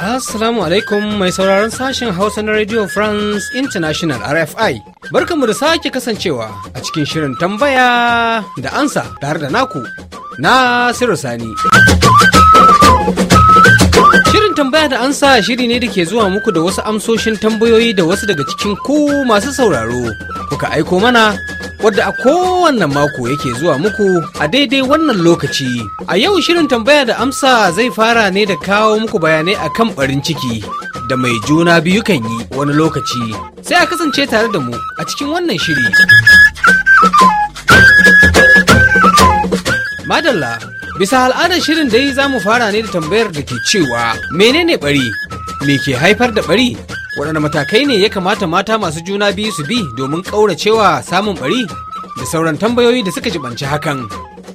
Assalamu alaikum mai sauraron sashen Hausa na Radio France International RFI. Barkanmu da sake kasancewa a cikin shirin tambaya da ansa tare da naku na Sani. Shirin tambaya da ansa shiri ne da ke zuwa muku da wasu amsoshin tambayoyi da wasu daga cikin ku masu sauraro kuka aiko mana wadda a kowanne mako yake zuwa muku a daidai wannan lokaci. A yau shirin tambaya da amsa zai fara ne da kawo muku bayanai a kan barin ciki da mai juna biyu kan yi wani lokaci. Sai a kasance tare da mu a cikin wannan shiri. Madalla Bisa al'adar shirin dai za mu fara ne da tambayar da ke cewa menene bari? Me ke haifar da bari? Waɗanne matakai ne ya kamata mata masu juna biyu su bi domin ƙauracewa samun bari? Da sauran tambayoyi da suka jibanci hakan.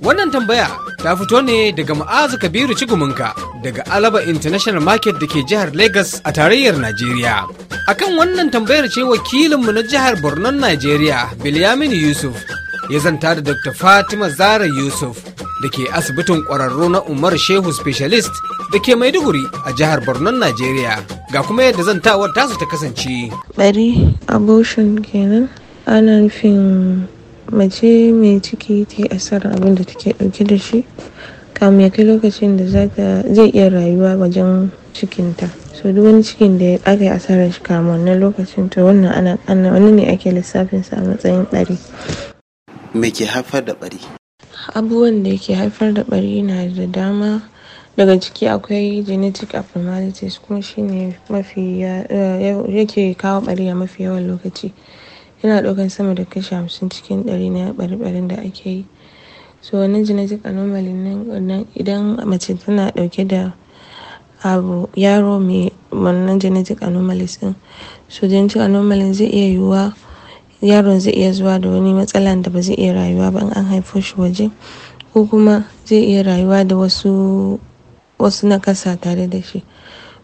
Wannan tambaya ta fito ne daga Ma'azu Kabiru Ciguminka daga Alaba International Market da ke jihar Lagos a tarayyar Najeriya. Akan wannan tambayar ce wakilinmu na jihar Borno Najeriya, Bilyamin Yusuf, ya zanta da Dr. Fatima Zara Yusuf da ke asibitin ƙwararru na Umar Shehu Specialist da ke Maiduguri a jihar Borno, Najeriya. Ga kuma yadda zan zantawar tasu ta kasance. Bari abortion kenan ana nufin mace mai ciki ta yi asarar abin da take ɗauke da shi kamun ya kai lokacin da zai iya rayuwa wajen cikinta. so duk wani cikin da aka yi asarar shi kamar na lokacin to wannan ana wani ne ake lissafin sa a matsayin ɓari. me ke haifar da ɓari abubuwan da ke haifar da ɓari na da dama daga ciki akwai genetic abnormalities kuma shine yake kawo ɓari a mafi yawan lokaci yana ɗaukan sama da kashi hamsin cikin ɗari na ɓari-ɓarin da ake yi so wannan genetic anomaly nan idan mace tana ɗauke da abu yaro mai wannan genetic anomalies ɗin so genetic anomaly zai iya yiwuwa yaron zai iya zuwa da wani matsalan da ba zai iya rayuwa ba in an haifo shi waje ko kuma zai iya rayuwa da wasu wasu nakasa tare da shi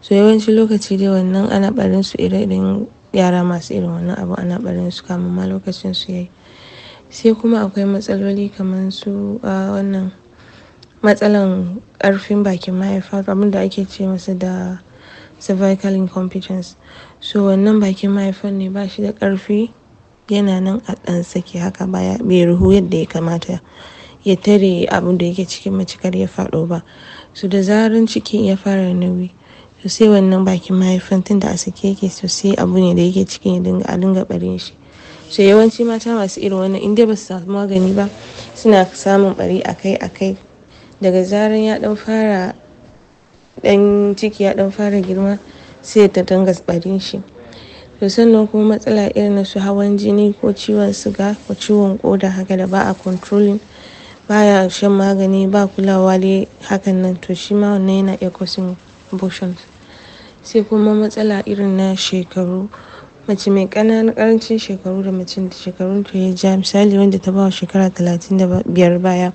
so yawanci lokaci dai wannan ana barin su ire irin yara masu irin wannan abu ana barin su kamun ma lokacin su yayi sai kuma akwai matsaloli kamar su a wannan matsalan karfin bakin mahaifa abin da ake ce masa da cervical incompetence so wannan bakin mahaifan ne ba shi da karfi yana nan a ɗan sake haka baya bai ruhu yadda ya kamata ya tare abin da yake cikin mace ya faɗo ba su da zaran ciki ya fara nauyi to sai wannan bakin mahaifin tun da a sake yake to sai abu ne da yake cikin ya dinga a dinga barin shi sai yawanci mata masu irin wannan in dai ba su samu magani ba suna samun bari akai akai daga zarar ya dan fara dan ciki ya dan fara girma sai ta dinga barin shi to sannan kuma matsala irin na su hawan jini ko ciwon siga ko ciwon koda haka da ba a controlling baya shan magani ba kulawa dai hakan nan to shi ma wannan yana iya causing abortions sai kuma matsala irin na shekaru mace mai ƙananan ƙarancin shekaru da mace da shekarun ta ya ja misali wanda ta bawa shekara talatin da biyar baya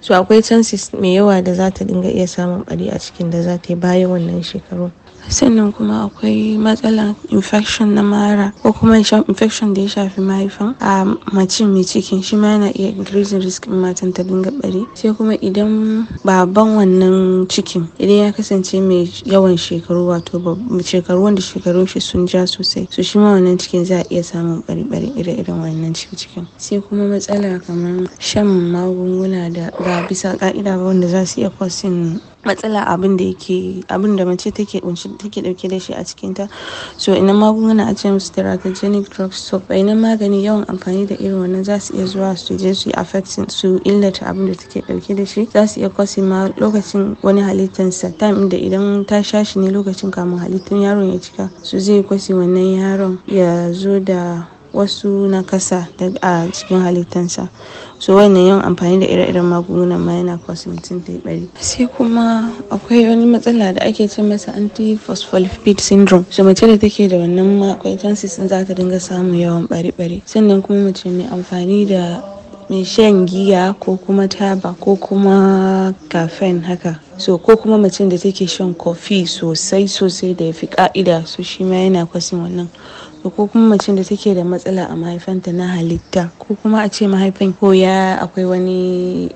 so akwai chances mai yawa da zata ta dinga iya samun ɓari a cikin da za ta yi baya wannan shekaru sannan kuma akwai matsalar infection na mara ko kuma infection da ya shafi mahaifan a mace mai cikin shi ma yana iya increasing risk in matan ta dinga bari sai kuma idan baban wannan cikin idan ya kasance mai yawan shekaru wato shekaru wanda shekarun shi sun ja sosai su shi ma wannan cikin za a iya samun bari bari ire iren wannan cikin sai kuma matsala kamar shan magunguna da ba bisa ka'ida ba wanda za su iya causing matsala abin da yake abin mace take take dauke da shi a cikin ta so ina magunguna a ce musu teratogenic drugs so bayanan magani yawan amfani da irin wannan za su iya zuwa su je su affecting su illata abin da take dauke da shi za su iya kwasi ma lokacin wani halittar sa time da idan ta sha shi ne lokacin kamun halittun yaron ya cika su zai kwasi wannan yaron ya zo da wasu nakasa a cikin halittansa so wannan yawan amfani da ire-iren magungunan ma yana kwasa mutum ta bari sai kuma akwai wani matsala da ake ce masa antiphospholipid syndrome so mace da take da wannan akwai chances za ta dinga samun yawan bari-bari sannan kuma mace mai amfani da mai shan giya ko kuma taba ko kuma caffeine haka so ko kuma mutum da take shan kofi sosai sosai da ya fi ka'ida so shi ma yana kwasin wannan ko kuma macen da take da matsala a mahaifanta na halitta ko kuma a ce mahaifin ko ya akwai wani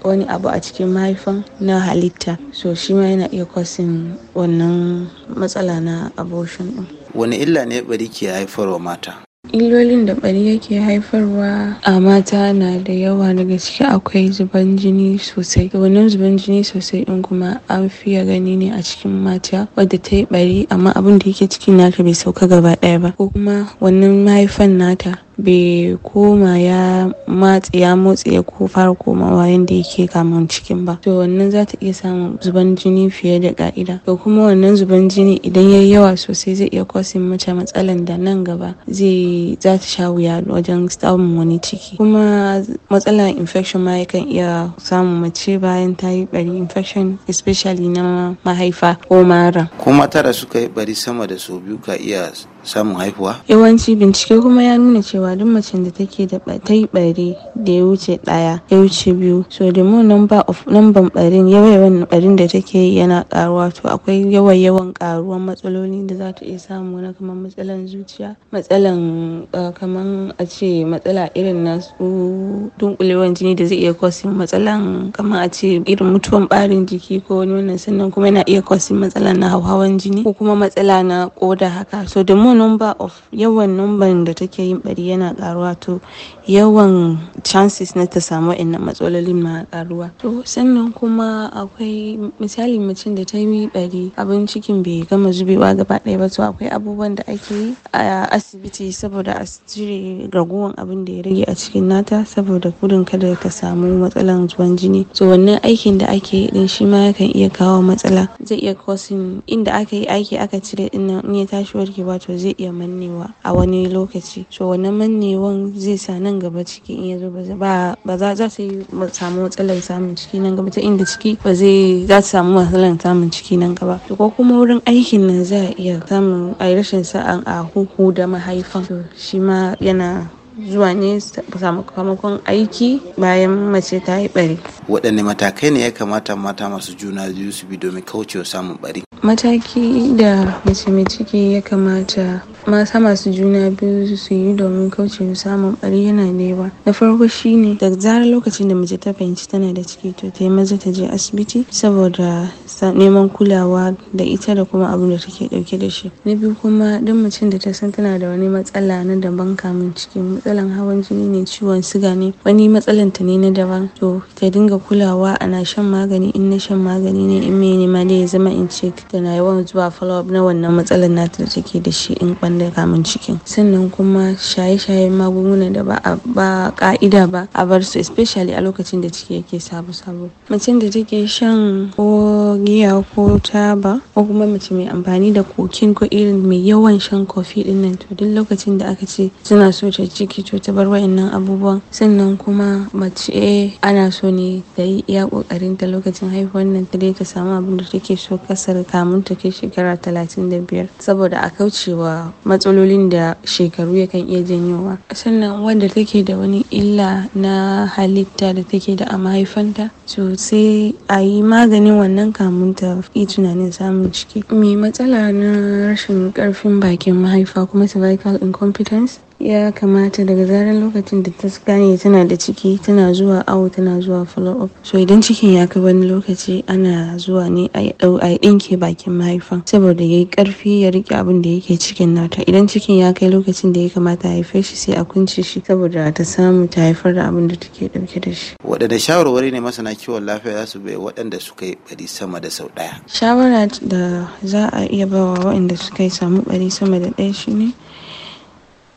wani abu a cikin mahaifan na halitta so shi ma yana iya kwasin wannan matsala na abortion din wani illa ne bari ke haifarwa mata illolin da ɓari yake haifarwa a mata na da yawa daga ciki akwai zuban jini sosai wannan zuban jini sosai din kuma an fiye gani ne a cikin mata wadda ta yi ɓari amma abin da yake ciki nata bai sauka gaba ɗaya ba ko kuma wannan mahaifan nata bai koma ya matse ya motse ya ko fara komawa yadda yake kamun cikin ba to wannan za ta iya samun zuban jini fiye da ka'ida to kuma wannan zuban jini idan ya yi yawa sosai zai iya kwasin mace matsalan da nan gaba zai za ta sha wuya wajen samun wani ciki kuma matsalan infection ma yakan iya samun mace bayan ta yi bari infection especially na mahaifa ko mara kuma tara suka yi bari sama da sau biyu ka iya samun haihuwa? Yawanci bincike kuma ya nuna cewa duk macen da take da ta yi bare da ya wuce ɗaya ya wuce biyu so da mu number of number barin yawan barin da take yi yana karuwa to akwai yawan yawan karuwan matsaloli da za ta iya samu na kamar matsalan zuciya matsalan eh, kamar a ce matsala irin na su dunkulewan jini da zai iya kwasi matsalan kamar a ce irin mutuwan barin jiki ko wani wannan sannan kuma yana iya kwasi matsalan na hauhawan jini ko kuma matsala na koda haka so da mu number of yawan numban da take yin bari yana karuwa to yawan chances na ta samu wa'annan matsalolin ma karuwa to sannan kuma akwai misali mutum da ta yi bari abin cikin bai gama zubewa gaba ɗaya ba to akwai abubuwan da ake yi a asibiti saboda a cire raguwan abin da ya rage a cikin nata saboda gudun kada ta samu matsalan zuwan jini to wannan aikin da ake yi din shi ma yakan iya kawo matsala zai iya causing inda aka yi aiki aka cire dinnan in ya tashi warkewa to zai iya mannewa a wani lokaci so wannan mannewan zai sa nan gaba ciki in ya zo ba za za su samu matsalar samun ciki nan gaba ta inda ciki ba zai za su samu matsalar samun ciki nan gaba to ko kuma wurin aikin nan za a iya samun a rashin sa'an a huhu da mahaifa shi ma yana zuwa ne sakamakon aiki bayan mace ta yi bari. waɗanne matakai ne ya kamata mata masu juna biyu su bi domin kaucewa samun bari mataki da mace mai ciki ya kamata mata masu juna biyu su yi domin kaucewa samun ɓari yana da na farko shi ne. da zarar lokacin da mace ta fahimci tana da ciki to ta yi maza ta je asibiti saboda neman kulawa da ita da kuma abin da take dauke da shi na biyu kuma duk mace da ta san tana da wani matsala na daban kamun cikin matsalan hawan jini ne ciwon siga ne wani matsalan ta ne na daban to ta dinga kulawa ana shan magani in na shan magani ne in mai nema dai ya zama in ce tana yawan zuwa follow up na wannan matsalan nata da take da shi in kwana wanda ya kamun cikin sannan kuma shaye shaye magunguna da ba a ba ka'ida ba a bar su especially a lokacin da ciki yake sabu-sabu, macen da take shan ko giya ko taba ko kuma mace mai amfani da kokin ko irin mai yawan shan kofi din nan to duk lokacin da aka ce suna so ta ciki to ta bar wayannan abubuwan sannan kuma mace eh, ana so ne da yi iya kokarin ta lokacin haihuwar nan ta ta samu abin da take so kasar kamun ta kai shekara talatin da biyar saboda a kaucewa matsalolin da shekaru yakan iya janyowa sannan wanda take da wani illa na halitta da take da a mahaifanta to sai a yi maganin wannan kamun ta yi tunanin samun ciki mai matsala na rashin karfin bakin mahaifa kuma cervical incompetence ya kamata daga zarar lokacin da ta gane tana da ciki tana zuwa awo tana zuwa follow up so idan cikin ya kai wani lokaci ana zuwa ne a dau a dinke bakin mahaifa saboda yayi karfi ya rike abin da yake cikin nata idan cikin ya kai lokacin da ya kamata a haife shi sai a kunce shi saboda ta samu ta haifar da abin da take ɗauke da shi waɗanne shawarwari ne masana kiwon lafiya za su bai waɗanda suka yi bari sama da sau ɗaya shawara da za a iya bawa waɗanda suka yi samu bari sama da ɗaya shine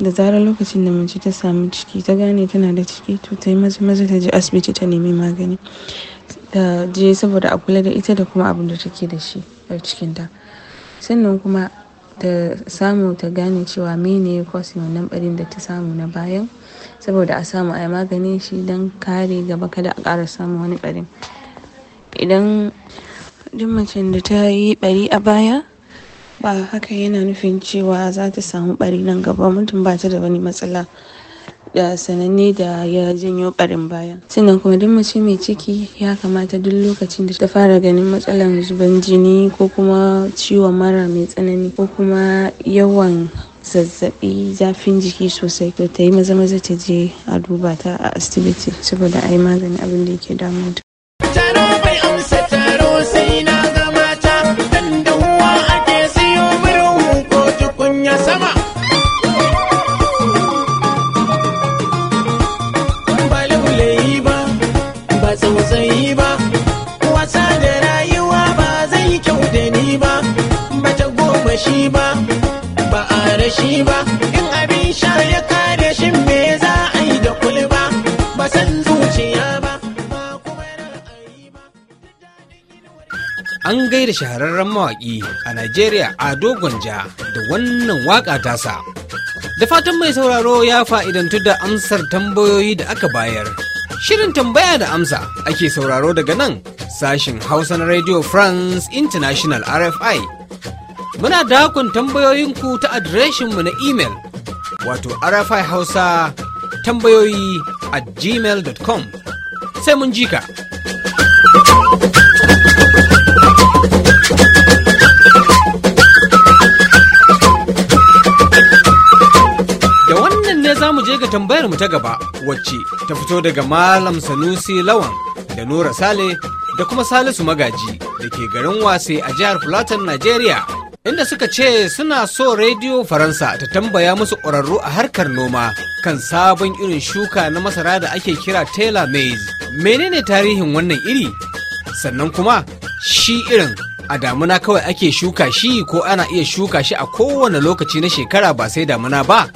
da zarar lokacin da mace ta samu ciki ta gane tana da ciki to ta yi maza maza ta je asibiti ta nemi magani ta je saboda a kula da ita da kuma abin da take da shi a cikinta sannan kuma ta samu ta gane cewa mene ya kwasi wannan barin da ta samu na bayan saboda a samu a yi maganin shi don kare gaba kada a ƙara samu wani barin idan duk macen da ta yi bari a baya ba haka yana nufin cewa za ta samu ɓari nan gaba mutum ba ta da wani matsala da sananne da ya janyo ɓarin baya sannan kuma duk mace mai ciki ya kamata duk lokacin da ta fara ganin matsalar zuban jini ko kuma ciwon mara mai tsanani ko kuma yawan zazzabi zafin jiki sosai to ta yi maza maza ta je a duba ta a asibiti saboda a yi maganin abin da yake ta. da shahararren mawaƙi a Najeriya Ado Gwanja da wannan waƙa tasa. Da fatan mai sauraro ya fa'idantu da amsar tambayoyi da aka bayar. Shirin tambaya da amsa ake sauraro daga nan sashin Hausa na Radio France International RFI. Muna dakon tambayoyinku ta adireshinmu na imel wato RFI Hausa tambayoyi at gmail.com. Sai mun jika. je ga tambayar mu ta gaba wacce ta fito daga Malam Sanusi Lawan da nora Sale da kuma Salisu Magaji da ke garin Wase a jihar Fulatan Najeriya. Inda suka ce suna so Radio Faransa ta tambaya musu ƙwararru a harkar noma kan sabon irin shuka na masara da ake kira Taylor Maize. Menene tarihin wannan iri? Sannan kuma shi irin a damuna kawai ake shuka shi ko ana iya shuka shi a kowane lokaci na shekara ba sai damuna ba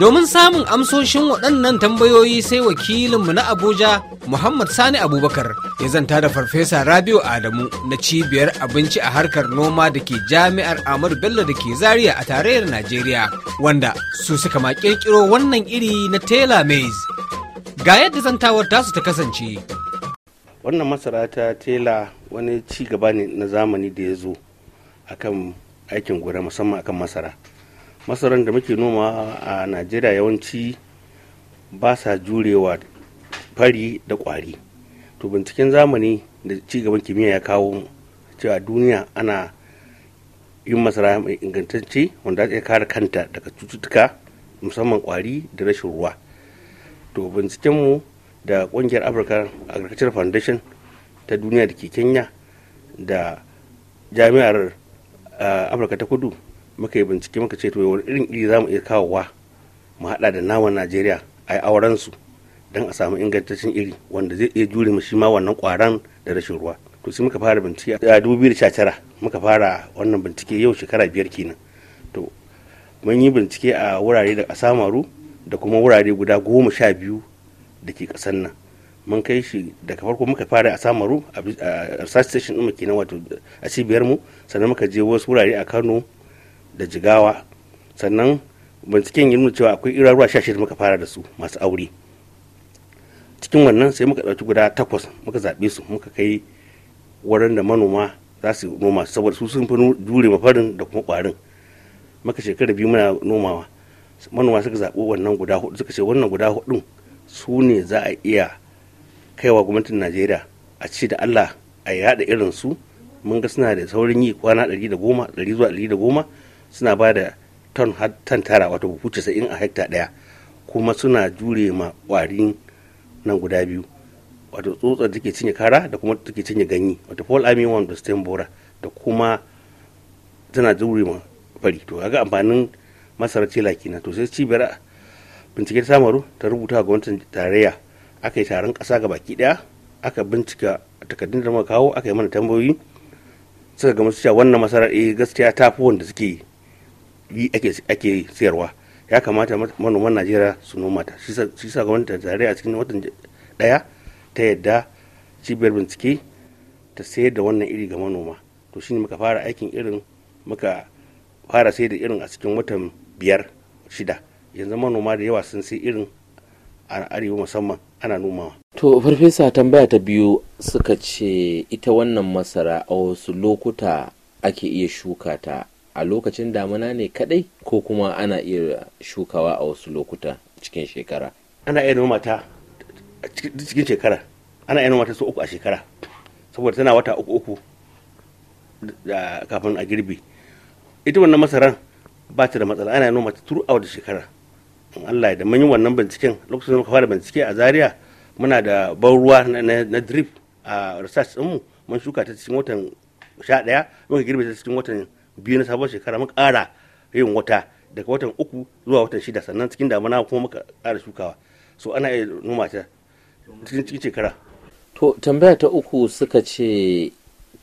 Domin samun amsoshin waɗannan tambayoyi sai wakilinmu na Abuja Muhammad Sani Abubakar ya zanta da Farfesa Rabiu Adamu na cibiyar abinci a harkar noma da ke Jami'ar Ahmadu Bello da ke Zaria a tarayyar Najeriya wanda su suka ma ƙirƙiro wannan iri na Taylor Maize. Ga yadda zantawar tasu ta kasance. Wannan masara ta tela wani ci gaba ne na zamani da ya zo akan aikin gona musamman akan masara. masaran da muke noma a najeriya yawanci ba sa jurewa fari da kwari to binciken zamani da cigaban kimiyya ya kawo cewa duniya ana yin masara mai ingantacce wanda ya kare kanta daga cututtuka musamman kwari da rashin ruwa to mu da kungiyar africa agriculture foundation ta duniya da ke kenya da jami'ar eh, afirka ta kudu muka yi bincike muka ce to wani irin iri za mu iya kawowa mu haɗa da naman najeriya a yi auren su don a samu ingantaccen iri wanda zai iya jure mu shi ma wannan kwaran da rashin ruwa to sai muka fara bincike a dubu biyu 2019 muka fara wannan bincike yau shekara biyar kenan to mun yi bincike a wurare da maru da kuma wurare guda goma sha biyu da ke ƙasar nan mun kai shi daga farko muka fara a samaru a research station ɗin kenan wato a cibiyar mu sannan muka je wasu wurare a kano da jigawa sannan binciken ya nuna cewa akwai irarruwa sha shida muka fara da su masu aure cikin wannan sai muka ɗauki guda takwas muka zaɓe su muka kai wurin da manoma za su noma saboda su sun fi jure mafarin da kuma ƙwarin muka shekara biyu muna nomawa manoma suka zaɓi wannan guda hudu suka ce wannan guda hudun su ne za a iya kaiwa gwamnatin najeriya a ci da allah a yaɗa irin su mun ga suna da saurin yi kwana 110 zuwa goma. suna ba da ton har tara wato buhu casa'in a hekta daya kuma suna jure ma ƙwarin nan guda biyu wato tsotsar da ke cinye kara da kuma take cinye ganye wato fall one da stem bora da kuma tana jure ma fari to kaga amfanin masarar cela kenan to sai cibiyar bincike ta samaru ta rubuta ga wancan tarayya aka yi taron ƙasa ga baki daya aka bincika takardun da muka kawo aka yi mana tambayoyi suka ga masu cewa wannan masarar eh gaskiya ta fi wanda suke yi ake sayarwa ya kamata manoman najeriya su noma ta shi sa gwamnati tare a cikin watan daya ta yadda cibiyar bincike ta sayar da wannan iri ga manoma to shine muka fara aikin irin muka fara sayar da irin a cikin watan biyar shida yanzu manoma da yawa sun sai irin a arewa musamman ana nomawa. To farfesa tambaya ta biyu suka ce ita wannan masara a wasu lokuta ake iya shuka ta a lokacin damina ne kadai ko kuma ana iya shukawa a wasu lokuta cikin shekara ana iya noma ta cikin shekara ana iya noma ta su uku a shekara saboda tana wata uku uku kafin a girbi ita wannan masaran ba ta da matsala ana noma ta a da shekara in Allah da mun yi wannan binciken lokacin da muka fara bincike a Zaria muna da ban ruwa na drip a research mu, mun shuka ta cikin watan sha ɗaya muka girbe ta cikin watan biyu na sabon shekara mun ƙara yin wata daga watan uku zuwa watan shida sannan cikin damana kuma muka ƙara shukawa so ana iya noma ta cikin shekara. to tambaya ta uku suka ce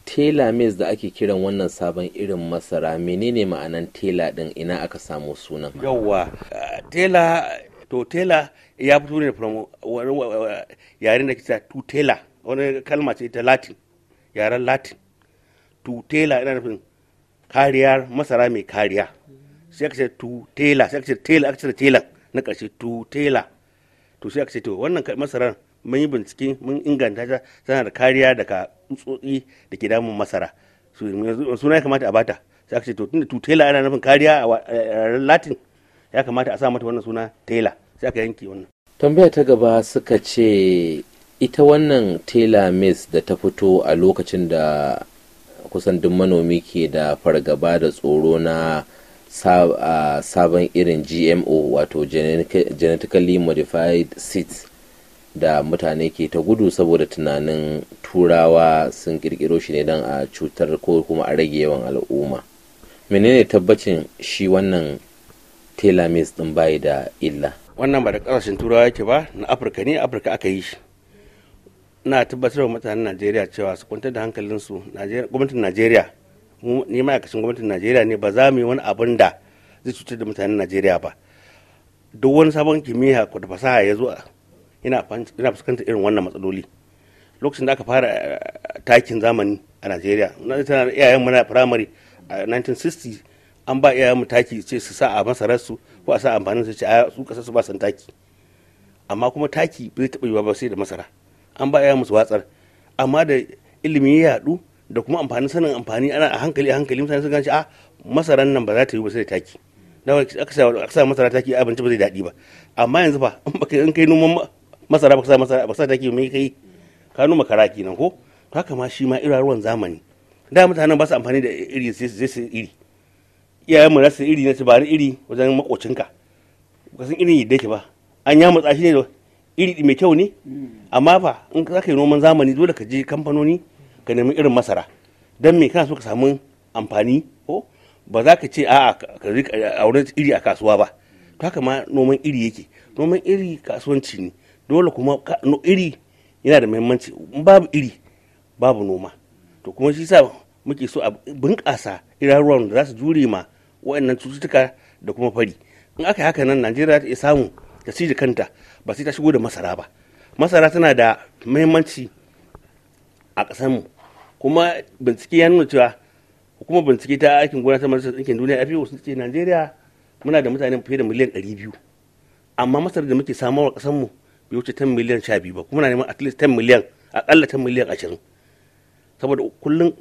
tela maize da ake kiran wannan sabon irin masara menene ma'anan tela din ina aka samu sunan yawwa tela to tela ya fito ne from yaren da ke ta tutela wani kalma ce ta latin yaren latin tutela ina nufin kariyar masara mai kariya sai aka ce tu tela sai aka ce tela aka ce tela na ƙarshe tu tela to sai aka ce to wannan masarar mun yi bincike mun inganta ta tana da kariya daga tsotsi da ke damun masara suna ya kamata a bata sai aka ce to tunda tu tela ana nufin kariya a eh, eh, eh, latin ya kamata a sa mata wannan suna tela sai aka yanke wannan tambaya ta gaba suka ce ita wannan tela miss da ta fito a lokacin da kusan duk manomi ke da fargaba da tsoro na sabon irin gmo wato genetically modified seeds da mutane ke ta gudu saboda tunanin turawa sun kirkiro shi ne don a cutar ko kuma a rage yawan al'umma menene tabbacin shi wannan telomeres din bayi da illa wannan ba da kasashen turawa yake ba na afirka ne afirka aka yi shi na tabbatar wa mutanen najeriya cewa su kwantar da hankalinsu gwamnatin najeriya ni ma'aikacin gwamnatin najeriya ne ba za mu yi wani abin da zai cutar da mutanen najeriya ba duk wani sabon kimiyya da fasaha ya zo yana fuskantar irin wannan matsaloli lokacin da aka fara eh, takin zamani a najeriya na iyayen mu na firamare a 1960 an ba iyayen mu taki ce su sa a masararsu ko a sa amfanin su ce a su kasa su ba san taki amma kuma taki bai taɓa yiwa ba sai da masara an ba ya musu watsar amma da ilimi ya yadu da kuma amfani sanin amfani ana a hankali a hankali mutane sun gane a ah, masaran nan ba za ta yi ba sai da taki na aka sa masara taki abinci ba zai daɗi ba amma yanzu ba in kai noman masara ka sa masara ba sa taki mai kai ka noma kara kenan ko haka ma shi ma iraruwan zamani da mutanen ba su amfani da iri sai su iri iyayen mu su iri na su ba iri wajen makocinka ba san irin yadda ke ba an ya matsa shi ne iri mai kyau ne amma ba in za ka yi noman zamani dole ka je kamfanoni ka nemi irin masara don me kana so ka samu amfani ko ba za ka ce a ka aure iri a kasuwa ba to haka ma noman iri yake noman iri kasuwanci ne dole kuma iri yana da muhimmanci babu iri babu noma to kuma shi sa muke so a bunƙasa iraruwan da za su jure ma waɗannan cututtuka da kuma fari in aka yi haka nan najeriya ta iya samu ta ci kanta ba sai ta shigo da masara ba masara tana da muhimmanci a ƙasarmu kuma bincike ya nuna cewa hukumar bincike ta aikin gona ta majalisar ɗinkin duniya fao e sun ce najeriya muna da mutane fiye da miliyan ɗari biyu amma masar da muke samarwa ƙasarmu bai wuce 10 miliyan sha biyu ba kuma na neman at least 10 miliyan aƙalla 10 miliyan ashirin saboda kullum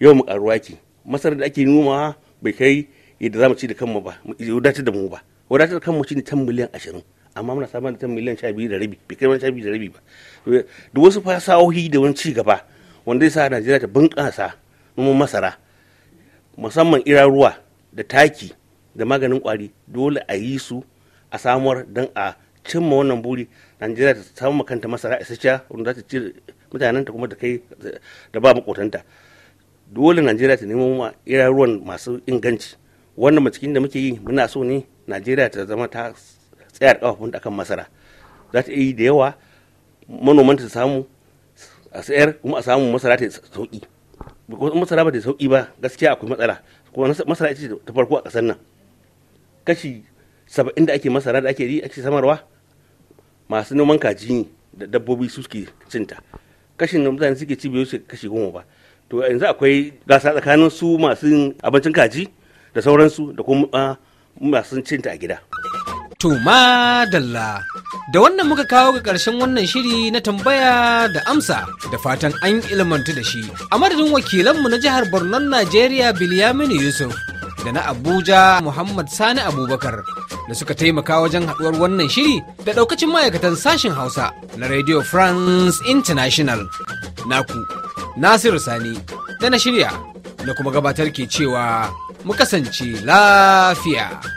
yau mu ƙaruwa ki masar da ake noma bai kai yadda za mu ci da kanmu ba wadatar da mu ba wadatar da kanmu shi ne 10 miliyan ashirin amma muna samar da ta miliyan sha biyu da rabi bai kai sha biyu da rabi ba da wasu fasahohi da wani cigaba wanda ya sa najeriya ta bunƙasa noman masara musamman iraruwa da taki da maganin kwari dole a yi su a samuwar don a cimma wannan buri najeriya ta samu kanta masara isasshiya wanda za ta ci ta kuma da kai da ba makotanta dole najeriya ta nemo iraruwan masu inganci wannan cikin da muke yi muna so ne najeriya ta zama ta tsayar kafafun akan masara za ta yi da yawa manoman ta samu a tsayar kuma a samu masara ta sauki masara ba ta sauki ba gaskiya akwai matsala kuma masara ita ce ta farko a kasar nan kashi saba'in da ake masara da ake yi ake samarwa masu noman kaji ne da dabbobi su suke cinta kashin da mutane suke ci biyu su kashi goma ba to yanzu akwai gasa tsakanin su masu abincin kaji da sauransu da kuma masu cinta a gida To madalla da wannan muka kawo ga ƙarshen wannan shiri na tambaya da amsa da fatan an ilmantu da shi. A madadin wakilanmu na jihar Borno Najeriya Bilyaminu Yusuf da na Abuja Muhammad Sani Abubakar da suka taimaka wajen haɗuwar wannan shiri da ɗaukacin ma'aikatan sashen Hausa na Radio France International. Naku Nasiru Sani da na shirya da kuma gabatar ke cewa mu kasance lafiya.